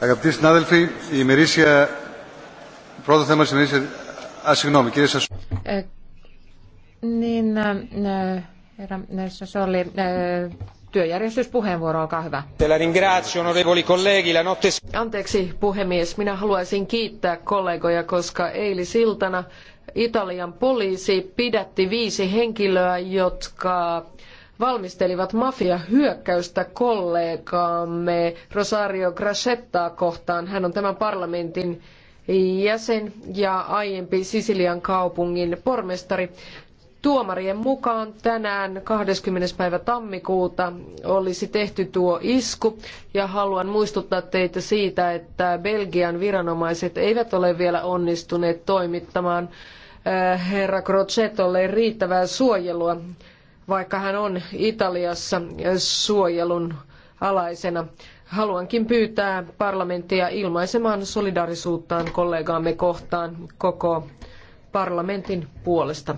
Αγαπητοί συνάδελφοι, η ημερήσια... Πρώτο θέμα της ημερήσιας... Α, συγγνώμη, κύριε Σασού. Ε, niin, äh, herra Sassoli, äh, työjärjestyspuheenvuoro, olkaa hyvä. Niin Anteeksi puhemies, minä haluaisin kiittää kollegoja, koska eilisiltana Italian poliisi pidätti viisi henkilöä, jotka valmistelivat mafiahyökkäystä kollegaamme Rosario Gracettaa kohtaan. Hän on tämän parlamentin jäsen ja aiempi Sisilian kaupungin pormestari. Tuomarien mukaan tänään 20. päivä tammikuuta olisi tehty tuo isku ja haluan muistuttaa teitä siitä, että Belgian viranomaiset eivät ole vielä onnistuneet toimittamaan äh, herra Crocetolle riittävää suojelua vaikka hän on Italiassa suojelun alaisena. Haluankin pyytää parlamenttia ilmaisemaan solidaarisuuttaan kollegaamme kohtaan koko parlamentin puolesta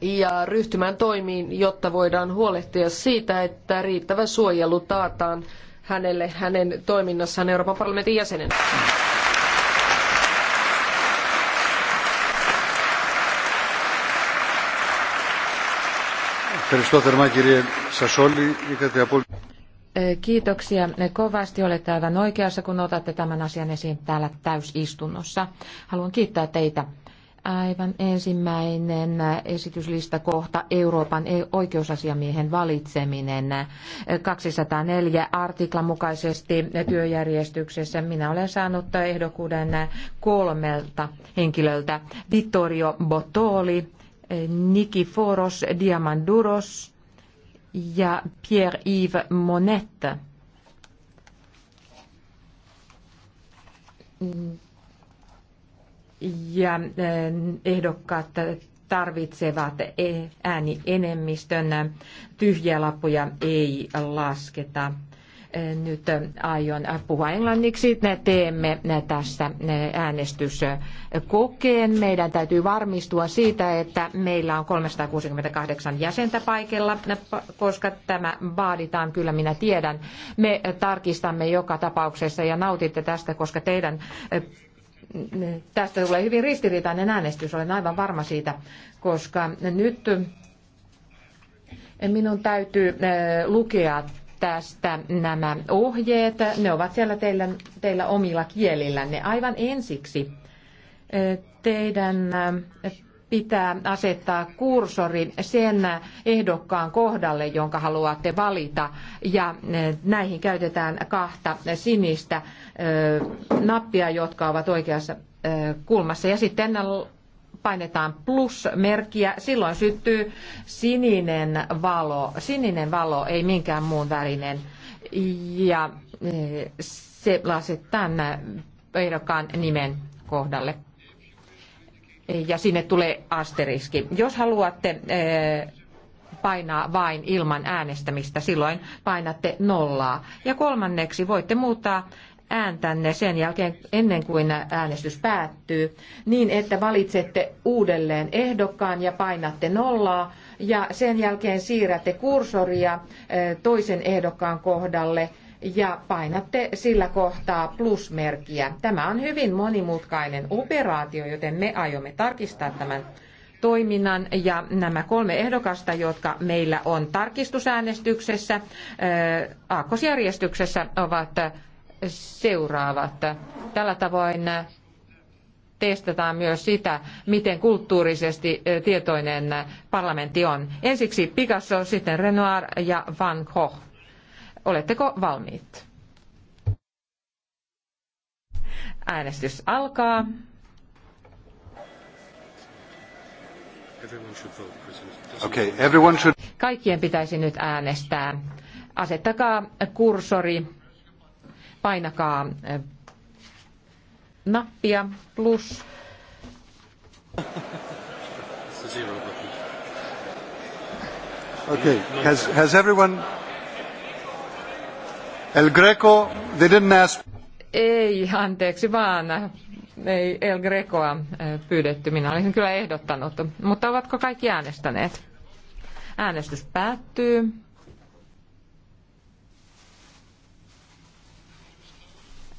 ja ryhtymään toimiin, jotta voidaan huolehtia siitä, että riittävä suojelu taataan hänelle hänen toiminnassaan Euroopan parlamentin jäsenenä. Kiitoksia kovasti. Olette aivan oikeassa, kun otatte tämän asian esiin täällä täysistunnossa. Haluan kiittää teitä. Aivan ensimmäinen esityslistakohta Euroopan e- oikeusasiamiehen valitseminen 204 artiklan mukaisesti työjärjestyksessä. Minä olen saanut ehdokkuuden kolmelta henkilöltä. Vittorio Bottoli, Nikiforos Diamanduros ja Pierre-Yves Monet. Ja eh, ehdokkaat tarvitsevat e-, äänienemmistön. Tyhjiä lappuja ei lasketa nyt äh, aion äh, puhua englanniksi. Teemme äh, tästä äänestyskokeen. Meidän täytyy varmistua siitä, että meillä on 368 jäsentä paikalla, koska tämä vaaditaan, kyllä minä tiedän. Me tarkistamme joka tapauksessa ja nautitte tästä, koska teidän tästä tulee hyvin ristiriitainen äänestys, olen aivan varma siitä, koska nyt minun täytyy lukea tästä nämä ohjeet. Ne ovat siellä teillä, teillä omilla kielillänne. Aivan ensiksi teidän pitää asettaa kursori sen ehdokkaan kohdalle, jonka haluatte valita. Ja näihin käytetään kahta sinistä nappia, jotka ovat oikeassa kulmassa. Ja sitten painetaan plus-merkkiä, silloin syttyy sininen valo. Sininen valo, ei minkään muun värinen. Ja e, se lasetaan ehdokkaan nimen kohdalle. Ja sinne tulee asteriski. Jos haluatte e, painaa vain ilman äänestämistä, silloin painatte nollaa. Ja kolmanneksi voitte muuttaa ääntänne sen jälkeen, ennen kuin äänestys päättyy, niin että valitsette uudelleen ehdokkaan ja painatte nollaa, ja sen jälkeen siirrätte kursoria eh, toisen ehdokkaan kohdalle ja painatte sillä kohtaa plusmerkkiä. Tämä on hyvin monimutkainen operaatio, joten me aiomme tarkistaa tämän toiminnan ja nämä kolme ehdokasta, jotka meillä on tarkistusäänestyksessä, eh, aakkosjärjestyksessä ovat seuraavat. Tällä tavoin testataan myös sitä, miten kulttuurisesti tietoinen parlamentti on. Ensiksi Picasso, sitten Renoir ja Van Gogh. Oletteko valmiit? Äänestys alkaa. Okay, everyone should... Kaikkien pitäisi nyt äänestää. Asettakaa kursori painakaa eh, nappia plus. Okay. Has, has everyone... El Greco, they didn't ask... Ei, anteeksi vaan. Ei El Grecoa eh, pyydetty. Minä olisin kyllä ehdottanut. Mutta ovatko kaikki äänestäneet? Äänestys päättyy.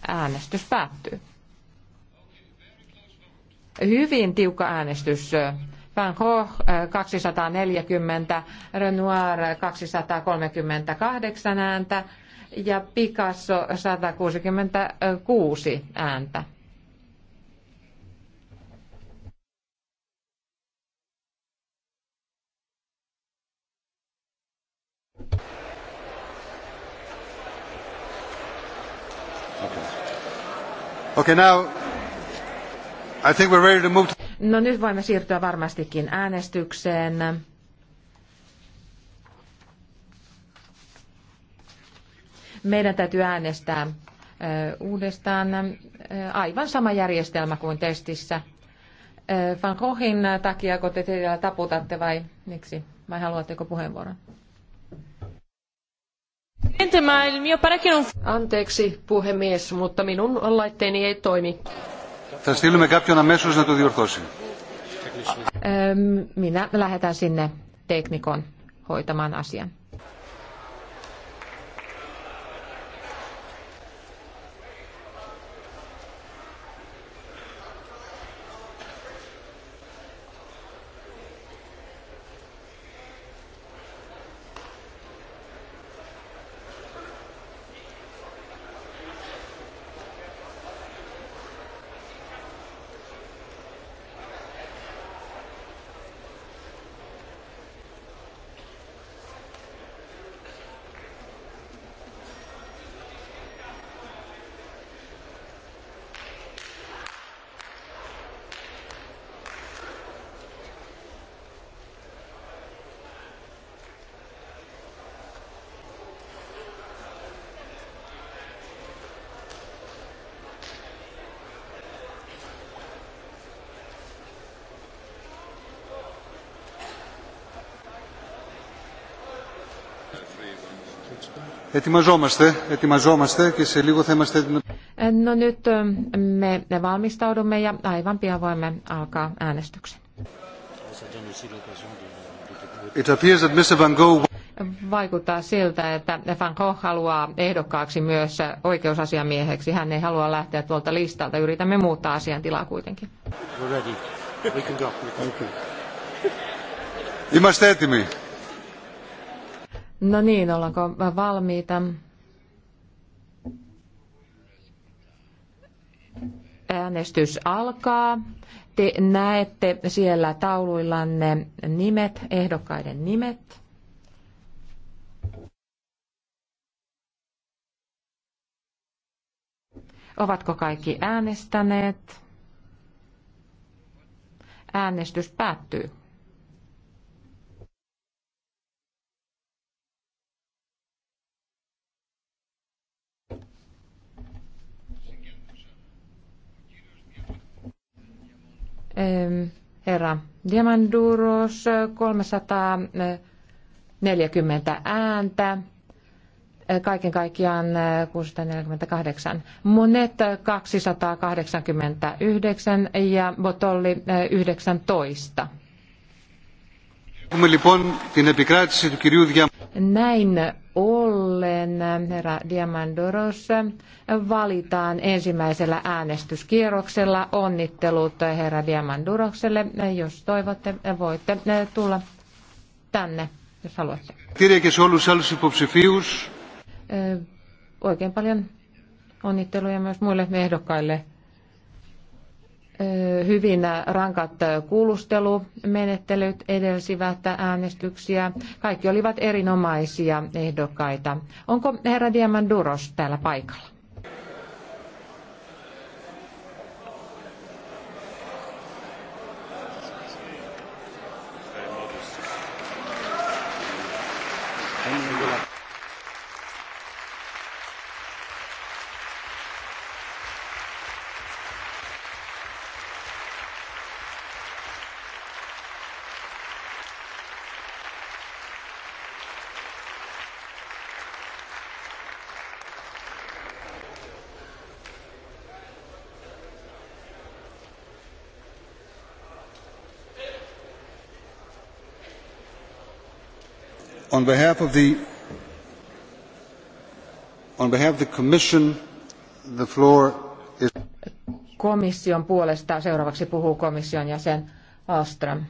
Äänestys päättyy. Hyvin tiukka äänestys. Van Gogh 240, äh, Renoir 238 ääntä ja Picasso 166 ääntä. Okay, now I think we're ready to move to... No nyt voimme siirtyä varmastikin äänestykseen. Meidän täytyy äänestää uudestaan aivan sama järjestelmä kuin testissä. Van Goghin takia, kun te taputatte vai miksi? Vai haluatteko puheenvuoron? Anteeksi puhemies, mutta minun laitteeni ei toimi. Θα στείλουμε κάποιον αμέσως να το διορθώσει. Minä lähetän sinne teknikon hoitamaan asian. Ετοιμαζόμαστε, ετοιμαζόμαστε και σε λίγο θα είμαστε... No nyt me valmistaudumme ja aivan pian voimme alkaa äänestyksen. It appears that Mr. Van Gogh... Vaikuttaa siltä, että Van Gogh haluaa ehdokkaaksi myös oikeusasiamieheksi. Hän ei halua lähteä tuolta listalta. Yritämme muuttaa asian tilaa kuitenkin. Είμαστε έτοιμοι. No niin, ollaanko valmiita? Äänestys alkaa. Te näette siellä tauluillanne nimet, ehdokkaiden nimet. Ovatko kaikki äänestäneet? Äänestys päättyy. herra Diamanduros 340 ääntä, kaiken kaikkiaan 648, monet 289 ja Botolli 19. Näin ollen herra Diamandoros valitaan ensimmäisellä äänestyskierroksella. Onnittelut herra Diamandorokselle, Jos toivotte, voitte tulla tänne, jos haluatte. Oikein paljon onnitteluja myös muille ehdokkaille hyvin rankat kuulustelumenettelyt edelsivät äänestyksiä. Kaikki olivat erinomaisia ehdokkaita. Onko herra Diamanduros täällä paikalla? komission puolesta seuraavaksi puhuu komission jäsen Alström.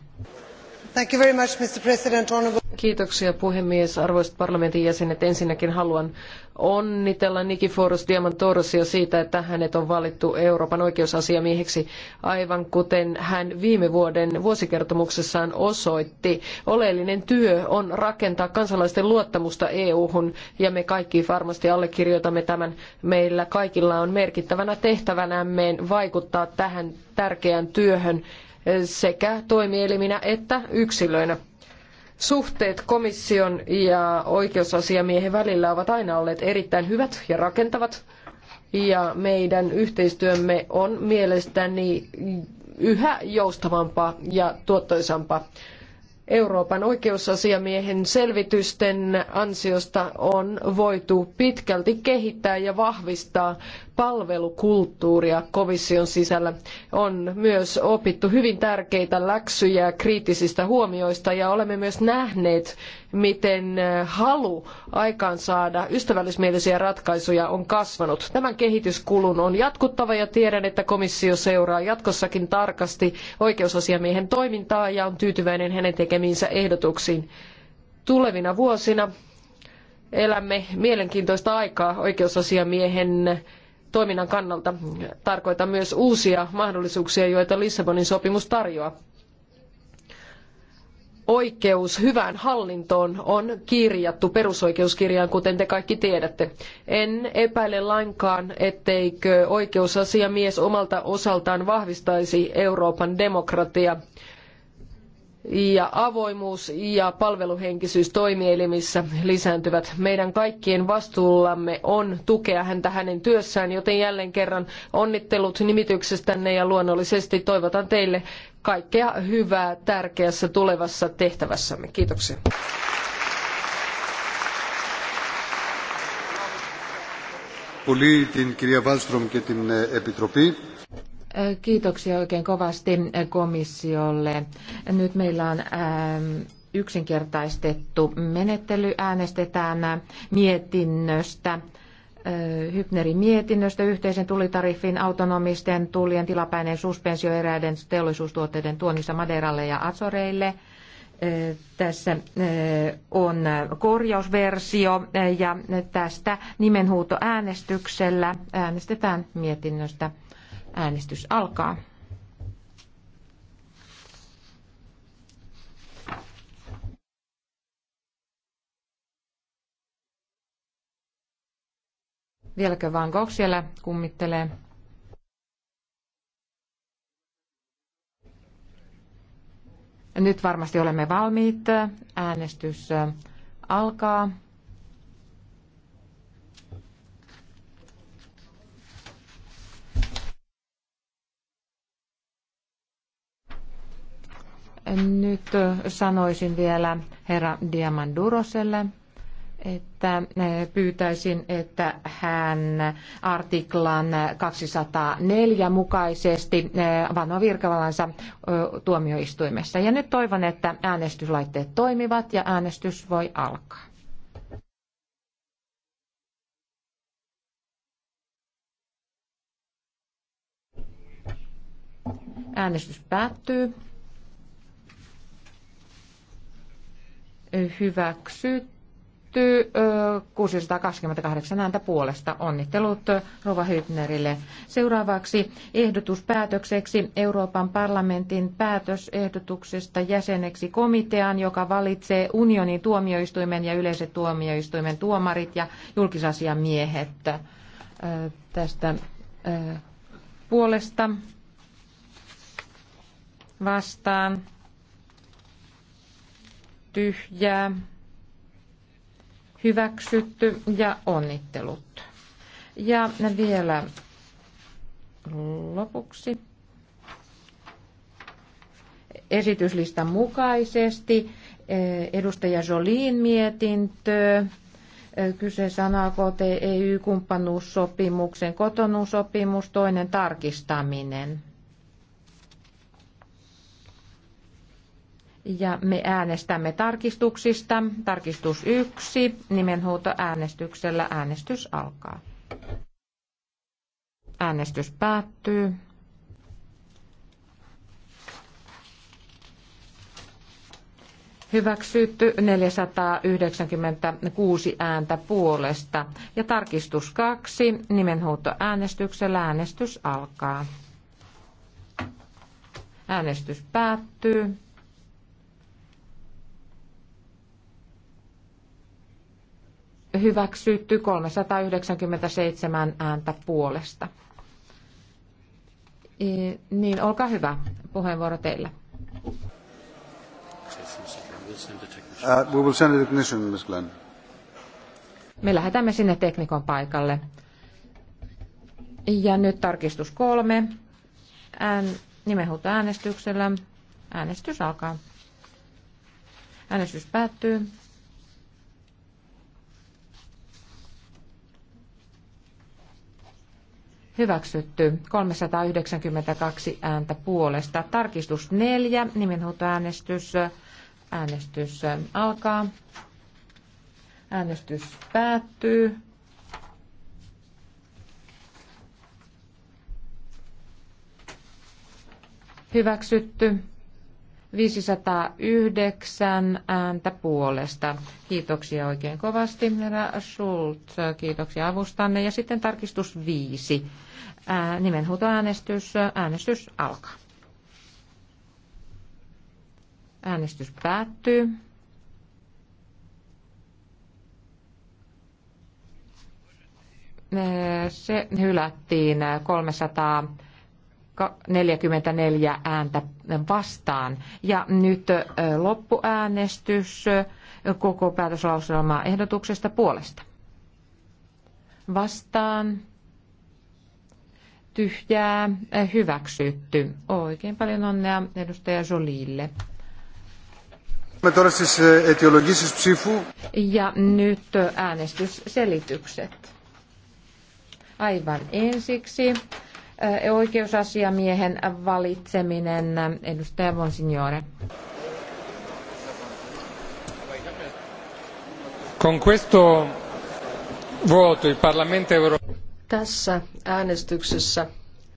Thank you very much, Mr. President. Kiitoksia puhemies, arvoisat parlamentin jäsenet. Ensinnäkin haluan onnitella Nikiforos Diamantorosia siitä, että hänet on valittu Euroopan oikeusasiamieheksi, aivan kuten hän viime vuoden vuosikertomuksessaan osoitti. Oleellinen työ on rakentaa kansalaisten luottamusta EU-hun ja me kaikki varmasti allekirjoitamme tämän. Meillä kaikilla on merkittävänä tehtävänämme vaikuttaa tähän tärkeään työhön sekä toimieliminä että yksilöinä. Suhteet komission ja oikeusasiamiehen välillä ovat aina olleet erittäin hyvät ja rakentavat. Ja meidän yhteistyömme on mielestäni yhä joustavampaa ja tuottoisampaa. Euroopan oikeusasiamiehen selvitysten ansiosta on voitu pitkälti kehittää ja vahvistaa palvelukulttuuria komission sisällä. On myös opittu hyvin tärkeitä läksyjä kriittisistä huomioista ja olemme myös nähneet, miten halu aikaansaada ystävällismielisiä ratkaisuja on kasvanut. Tämän kehityskulun on jatkuttava ja tiedän, että komissio seuraa jatkossakin tarkasti oikeusasiamiehen toimintaa ja on tyytyväinen hänen tekemiinsä ehdotuksiin. Tulevina vuosina elämme mielenkiintoista aikaa oikeusasiamiehen toiminnan kannalta. Tarkoitan myös uusia mahdollisuuksia, joita Lissabonin sopimus tarjoaa oikeus hyvään hallintoon on kirjattu perusoikeuskirjaan, kuten te kaikki tiedätte. En epäile lainkaan, etteikö oikeusasiamies omalta osaltaan vahvistaisi Euroopan demokratiaa ja avoimuus ja palveluhenkisyys toimielimissä lisääntyvät. Meidän kaikkien vastuullamme on tukea häntä hänen työssään, joten jälleen kerran onnittelut nimityksestänne ja luonnollisesti toivotan teille kaikkea hyvää tärkeässä tulevassa tehtävässämme. Kiitoksia. Πολύ την κυρία Βάλστρομ και την Επιτροπή. Kiitoksia oikein kovasti komissiolle. Nyt meillä on ähm, yksinkertaistettu menettely. Äänestetään mietinnöstä. Äh, Hypnerin mietinnöstä yhteisen tulitariffin autonomisten tullien tilapäinen suspensio eräiden teollisuustuotteiden tuonnissa Maderalle ja Azoreille. Äh, tässä äh, on korjausversio ja tästä nimenhuuto äänestyksellä äänestetään mietinnöstä. Äänestys alkaa. Vieläkö Van Gogh siellä kummittelee? Nyt varmasti olemme valmiit. Äänestys alkaa. Nyt sanoisin vielä herra Diamanduroselle, että eh, pyytäisin, että hän artiklan 204 mukaisesti eh, vanoo virkavallansa eh, tuomioistuimessa. Ja nyt toivon, että äänestyslaitteet toimivat ja äänestys voi alkaa. Äänestys päättyy. hyväksytty 628 ääntä puolesta. Onnittelut Rova Hytnerille. Seuraavaksi ehdotus päätökseksi Euroopan parlamentin päätösehdotuksesta jäseneksi komitean, joka valitsee unionin tuomioistuimen ja yleiset tuomioistuimen tuomarit ja julkisasiamiehet. Tästä puolesta vastaan tyhjää, hyväksytty ja onnittelut. Ja vielä lopuksi esityslistan mukaisesti eh, edustaja Jolin mietintö. Eh, Kyse on ktey kumppanuussopimuksen kotonuusopimus, toinen tarkistaminen. Ja me äänestämme tarkistuksista. Tarkistus 1. Nimenhuuto äänestyksellä. Äänestys alkaa. Äänestys päättyy. Hyväksytty 496 ääntä puolesta. Ja tarkistus 2. Nimenhuuto äänestyksellä. Äänestys alkaa. Äänestys päättyy. hyväksytty 397 ääntä puolesta. E, niin, olkaa hyvä. Puheenvuoro teillä. Uh, we will send technician, Me lähetämme sinne teknikon paikalle. Ja nyt tarkistus kolme. Ään, nimenhuuto äänestyksellä. Äänestys alkaa. Äänestys päättyy. hyväksytty 392 ääntä puolesta. Tarkistus 4, nimenhuutoäänestys. Äänestys alkaa. Äänestys päättyy. Hyväksytty. 509 ääntä puolesta. Kiitoksia oikein kovasti, herra Schultz. Kiitoksia avustanne. Ja sitten tarkistus 5. Nimenhuutoäänestys. Äänestys alkaa. Äänestys päättyy. Se hylättiin 300 44 ääntä vastaan. Ja nyt loppuäänestys koko päätöslauselmaa ehdotuksesta puolesta. Vastaan. Tyhjää. Hyväksytty. Oikein paljon onnea edustaja Jolille. Ja nyt äänestysselitykset. Aivan ensiksi oikeusasiamiehen valitseminen. Edustaja Bonsignore. Con questo voto il Parlamento europeo. Tässä äänestyksessä